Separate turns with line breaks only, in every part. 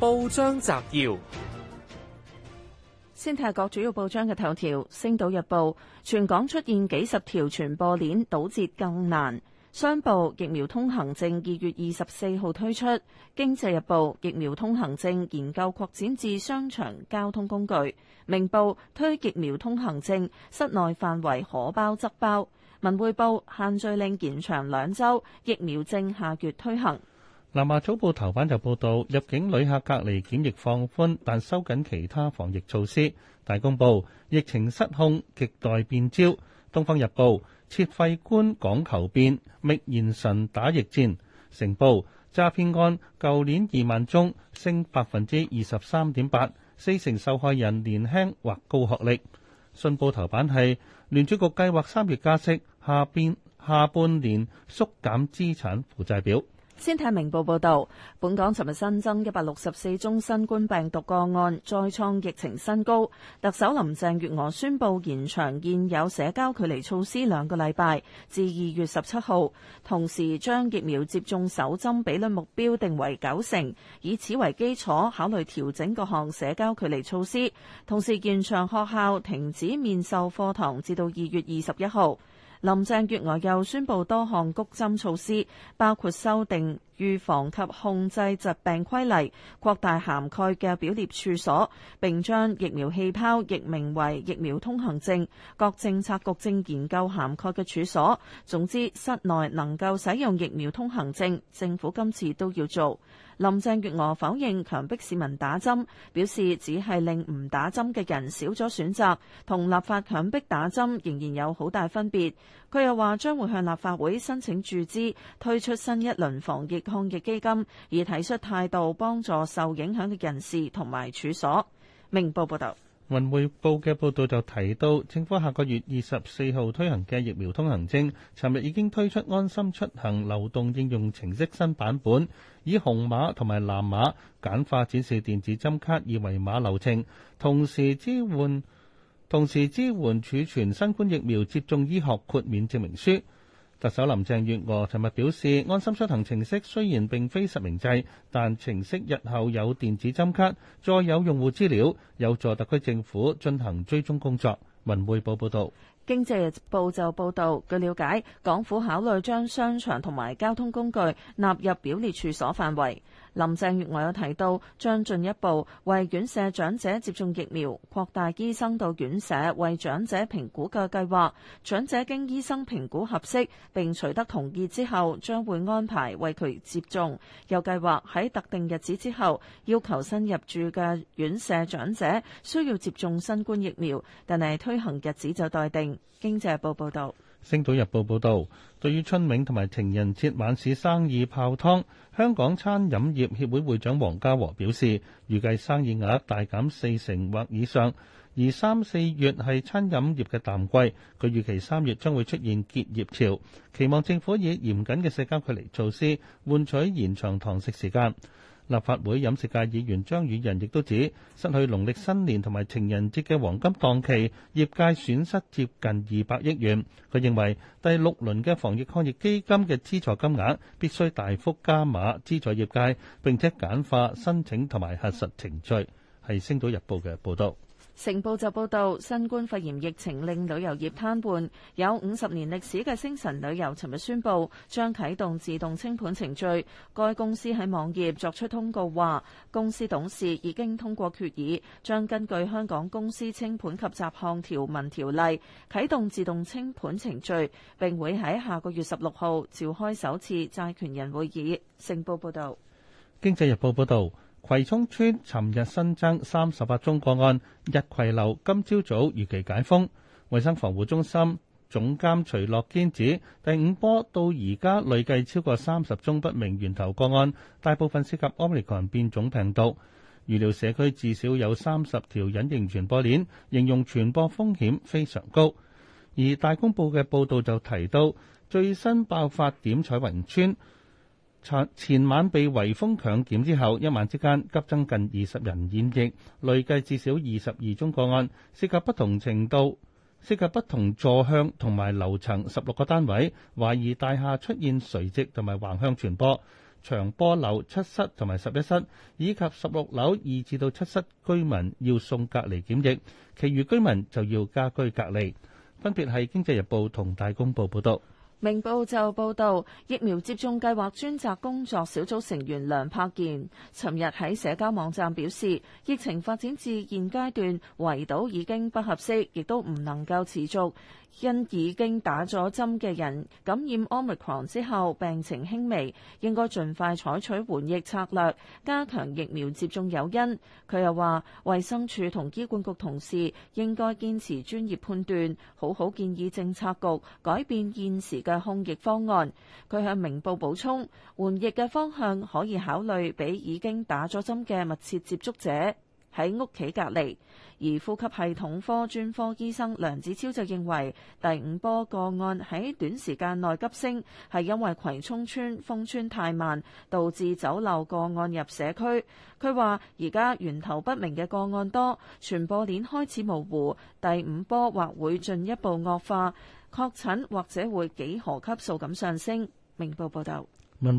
報章摘要：
先睇下各主要報章嘅頭條，《星島日報》全港出現幾十條傳播鏈，堵截更難。商報疫苗通行證二月二十四號推出，《經濟日報》疫苗通行證研究擴展至商場交通工具，《明報》推疫苗通行證，室內範圍可包則包，《文匯報》限聚令延長兩周，疫苗證下月推行。
南華早報頭版就報道，入境旅客隔離檢疫放寬，但收緊其他防疫措施。大公報：疫情失控，亟待變招。東方日報：撤廢官港求變，覓賢臣打疫戰。成報：詐騙案舊年二萬宗，升百分之二十三點八，四成受害人年輕或高學歷。信報頭版係，聯儲局計劃三月加息，下邊下半年縮減資產負債表。
先睇明報報導，本港尋日新增一百六十四宗新冠病毒個案，再創疫情新高。特首林鄭月娥宣布延長現有社交距離措施兩個禮拜，至二月十七號，同時將疫苗接種首針比率目標定為九成，以此為基礎考慮調整各項社交距離措施，同時延長學校停止面授課堂至到二月二十一號。林鄭月娥又宣布多項谷針措施，包括修訂預防及控制疾病規例，擴大涵蓋嘅表列處所，並將疫苗氣泡易名為疫苗通行證。各政策局正研究涵蓋嘅處所，總之室內能夠使用疫苗通行證。政府今次都要做。林鄭月娥否認強迫市民打針，表示只係令唔打針嘅人少咗選擇，同立法強迫打針仍然有好大分別。佢又話將會向立法會申請注資，推出新一輪防疫。抗疫基金而提出態度，幫助受影響嘅人士同埋處所。明報報道。
文匯報嘅報道就提到，政府下個月二十四號推行嘅疫苗通行證，尋日已經推出安心出行流動應用程式新版本，以紅碼同埋藍碼簡化展示電子針卡二維碼流程，同時支援同時支援儲存新冠疫苗接種醫學豁免證明書。特首林鄭月娥尋日表示，安心出行程式雖然並非實名制，但程式日後有電子針卡，再有用戶資料，有助特區政府進行追蹤工作。文匯報報道，
經濟日報就報導，據了解，港府考慮將商場同埋交通工具納入表列處所範圍。林鄭月娥有提到，將進一步為院舍長者接種疫苗，擴大醫生到院舍為長者評估嘅計劃。長者經醫生評估合適，並取得同意之後，將會安排為佢接種。又計劃喺特定日子之後，要求新入住嘅院舍長者需要接種新冠疫苗，但係推行日子就待定。經濟日報報道。
星島日報報導，對於春茗同埋情人節晚市生意泡湯，香港餐飲業協會會長黃家和表示，預計生意額大減四成或以上，而三四月係餐飲業嘅淡季，佢預期三月將會出現結業潮，期望政府以嚴謹嘅社交距離措施，換取延長堂食時間。立法會飲食界議員張宇人亦都指，失去農曆新年同埋情人節嘅黃金檔期，業界損失接近二百億元。佢認為第六輪嘅防疫抗疫基金嘅資助金額必須大幅加碼資助業界，並且簡化申請同埋核實程序。係《星島日報》嘅報導。
成報就報道，新冠肺炎疫情令旅遊業癱瘓，有五十年歷史嘅星晨旅遊，尋日宣布將啟動自動清盤程序。該公司喺網頁作出通告話，公司董事已經通過決議，將根據香港公司清盤及雜項條文條例，啟動自動清盤程序，並會喺下個月十六號召開首次債權人會議。成報報道。
《經濟日報》報導。葵涌村尋日新增三十八宗個案，逸葵樓今朝早，早預期解封。衛生防護中心總監徐樂堅指，第五波到而家累計超過三十宗不明源頭個案，大部分涉及 Omicron 變種病毒。預料社區至少有三十條隱形傳播鏈，形容傳播風險非常高。而大公報嘅報道就提到，最新爆發點彩雲村。前晚被圍封強檢之後，一晚之間急增近二十人染疫，累計至少二十二宗個案，涉及不同程度、涉及不同座向同埋樓層十六個單位，懷疑大廈出現垂直同埋橫向傳播。長波樓七室同埋十一室以及十六樓二至到七室居民要送隔離檢疫，其餘居民就要家居隔離。分別係《經濟日報》同《大公報》報導。
明報就報導，疫苗接種計劃專責工作小組成員梁柏健，尋日喺社交網站表示，疫情發展至現階段圍堵已經不合適，亦都唔能夠持續，因已經打咗針嘅人感染 Omicron 之後病情輕微，應該盡快採取緩疫策略，加強疫苗接種誘因。佢又話，衛生署同醫管局同事應該堅持專業判斷，好好建議政策局改變現時。嘅控疫方案，佢向明報補充，緩疫嘅方向可以考慮俾已經打咗針嘅密切接觸者，喺屋企隔離，而呼吸系統科專科醫生梁子超就認為第五波個案喺短時間內急升，係因為葵涌村封村太慢，導致走漏個案入社區。佢話：而家源頭不明嘅個案多，傳播鏈開始模糊，第五波或會進一步惡化，確診或者會幾何級數咁上升。明報報道
文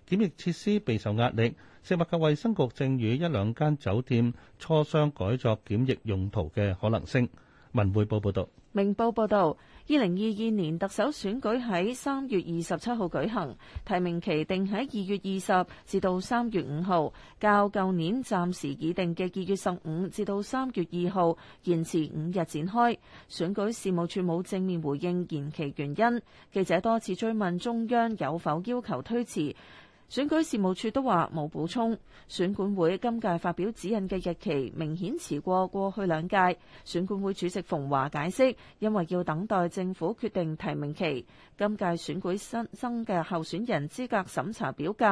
檢疫設施備受壓力，食物及衛生局正與一兩間酒店磋商改作檢疫用途嘅可能性。文匯報報道。
明報報道，二零二二年特首選舉喺三月二十七號舉行，提名期定喺二月二十至到三月五號，較舊年暫時已定嘅二月十五至到三月二號延遲五日展開。選舉事務處冇正面回應延期原因。記者多次追問中央有否要求推遲。選舉事務處都話冇補充。選管會今屆發表指引嘅日期明顯遲過過去兩屆。選管會主席馮驊解釋，因為要等待政府決定提名期。今屆選舉新增嘅候選人資格審查表格，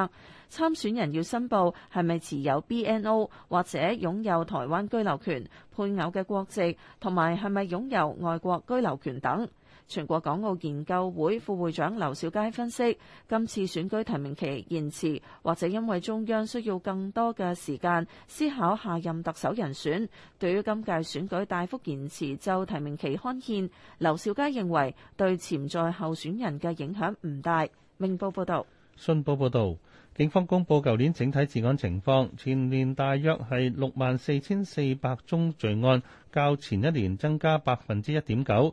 參選人要申報係咪持有 BNO 或者擁有台灣居留權、配偶嘅國籍同埋係咪擁有外國居留權等。全國港澳研究會副會長劉兆佳分析，今次選舉提名期延遲，或者因為中央需要更多嘅時間思考下任特首人選。對於今屆選舉大幅延遲就提名期刊憲，劉兆佳認為對潛在候選人嘅影響唔大。明報報道，
信報報道，警方公布舊年整體治安情況，全年大約係六萬四千四百宗罪案，較前一年增加百分之一點九。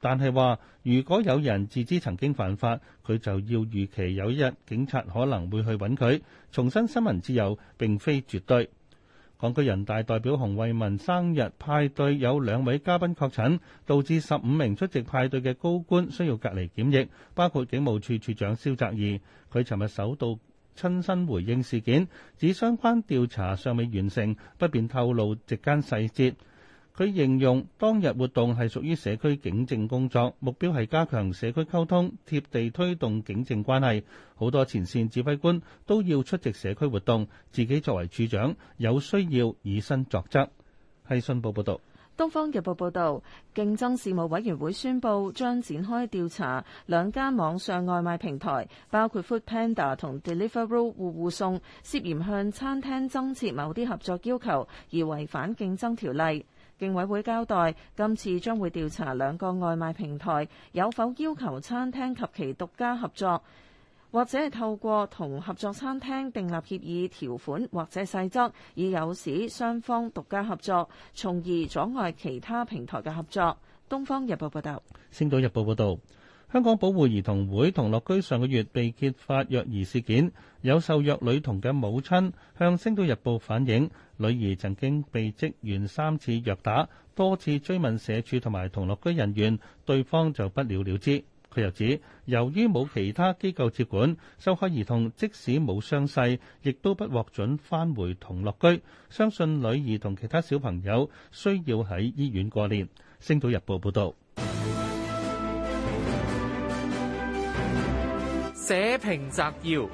但係話，如果有人自知曾經犯法，佢就要預期有一日警察可能會去揾佢。重申新聞自由並非絕對。港區人大代表洪為民生日派對有兩位嘉賓確診，導致十五名出席派對嘅高官需要隔離檢疫，包括警務處處長蕭澤頤。佢尋日首度親身回應事件，指相關調查尚未完成，不便透露席間細節。佢形容當日活動係屬於社區警政工作，目標係加強社區溝通，貼地推動警政關係。好多前線指揮官都要出席社區活動，自己作為處長，有需要以身作則。係信報報道：
《東方日報報道，競爭事務委員會宣布將展開調查兩間網上外賣平台，包括 Food Panda 同 Deliveroo 戶戶送涉嫌向餐廳增設某啲合作要求而違反競爭條例。競委會交代，今次將會調查兩個外賣平台有否要求餐廳及其獨家合作，或者係透過同合作餐廳訂立協議條款或者細則，以有使雙方獨家合作，從而阻礙其他平台嘅合作。東方日報報道，
星島日報報道。香港保護兒童會同樂居上個月被揭發虐兒事件，有受虐女童嘅母親向星島日報反映，女兒曾經被職員三次虐打，多次追問社署同埋同樂居人員，對方就不了了之。佢又指，由於冇其他機構接管，受害兒童即使冇傷勢，亦都不獲准返回同樂居，相信女兒同其他小朋友需要喺醫院過年。星島日報報道。社評摘要：
《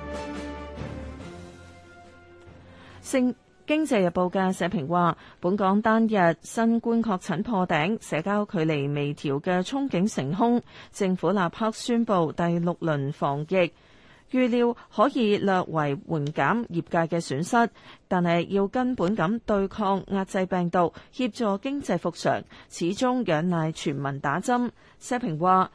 星經濟日報》嘅社評話，本港單日新冠確診破頂，社交距離微調嘅憧憬成空，政府立刻宣布第六輪防疫，預料可以略為緩減業界嘅損失，但係要根本咁對抗壓制病毒，協助經濟復常，始終仰賴全民打針。社評話。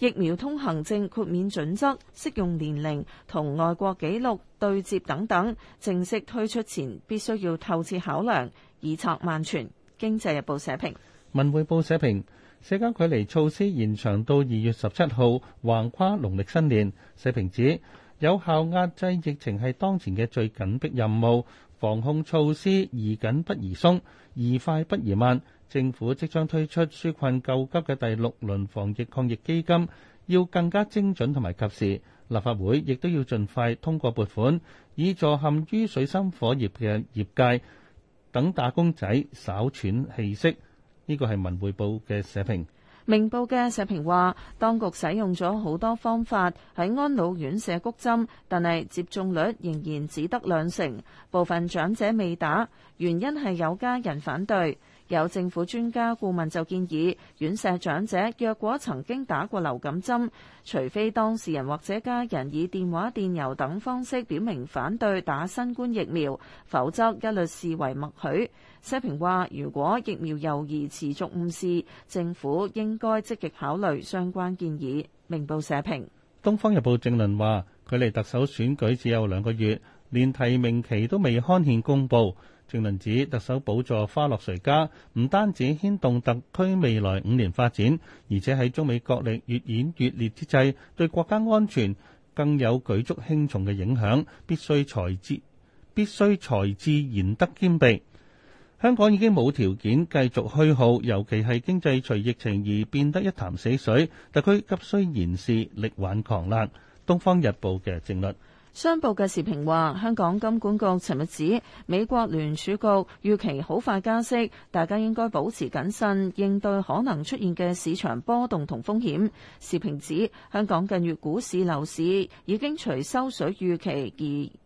疫苗通行證豁免準則、適用年齡同外國記錄對接等等，正式推出前必須要透徹考量，以策萬全。經濟日報社評。
文匯報社評，社交距離措施延長到二月十七號，橫跨農曆新年。社評指有效壓制疫情係當前嘅最緊迫任務，防控措施宜緊不宜鬆，宜快不宜慢。政府即將推出紓困救急嘅第六輪防疫抗疫基金，要更加精準同埋及時。立法會亦都要盡快通過撥款，以助陷於水深火熱嘅業界等打工仔稍喘氣息。呢個係文匯報嘅社評。
明報嘅社評話，當局使用咗好多方法喺安老院舍谷針，但係接種率仍然只得兩成，部分長者未打，原因係有家人反對。有政府專家顧問就建議，院舍長者若果曾經打過流感針，除非當事人或者家人以電話電郵等方式表明反對打新冠疫苗，否則一律視為默許。社評話：如果疫苗猶疑持續誤事，政府應該積極考慮相關建議。明報社評，
《東方日報》正論話：距離特首選舉只有兩個月，連提名期都未刊憲公佈。正論指特首寶座花落誰家，唔單止牽動特區未來五年發展，而且喺中美角力越演越烈之際，對國家安全更有舉足輕重嘅影響，必須才智必須才智、賢德兼備。香港已經冇條件繼續虛耗，尤其係經濟隨疫情而變得一潭死水，特區急需賢士力挽狂瀾。《東方日報》嘅正論。
商報嘅時評話，香港金管局尋日指，美國聯儲局預期好快加息，大家應該保持謹慎，應對可能出現嘅市場波動同風險。時評指，香港近月股市樓市已經隨收水預期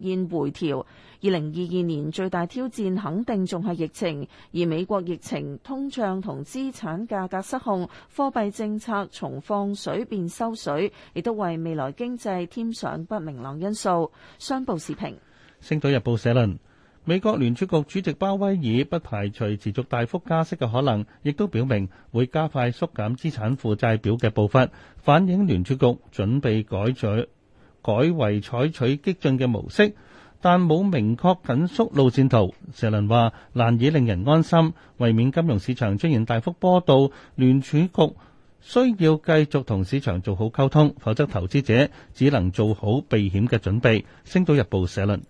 而現回調。二零二二年最大挑戰肯定仲係疫情，而美國疫情、通脹同資產價格失控、貨幣政策從放水變收水，亦都為未來經濟添上不明朗因素。報商報視評，
星島日報社論：美國聯儲局主席鮑威爾不排除持續大幅加息嘅可能，亦都表明會加快縮減資產負債表嘅步伐，反映聯儲局準備改取改為採取激進嘅模式，但冇明確緊縮路線圖。社論話難以令人安心，為免金融市場出現大幅波動，聯儲局。需要繼續同市場做好溝通，否則投資者只能做好避險嘅準備。星島日報社論。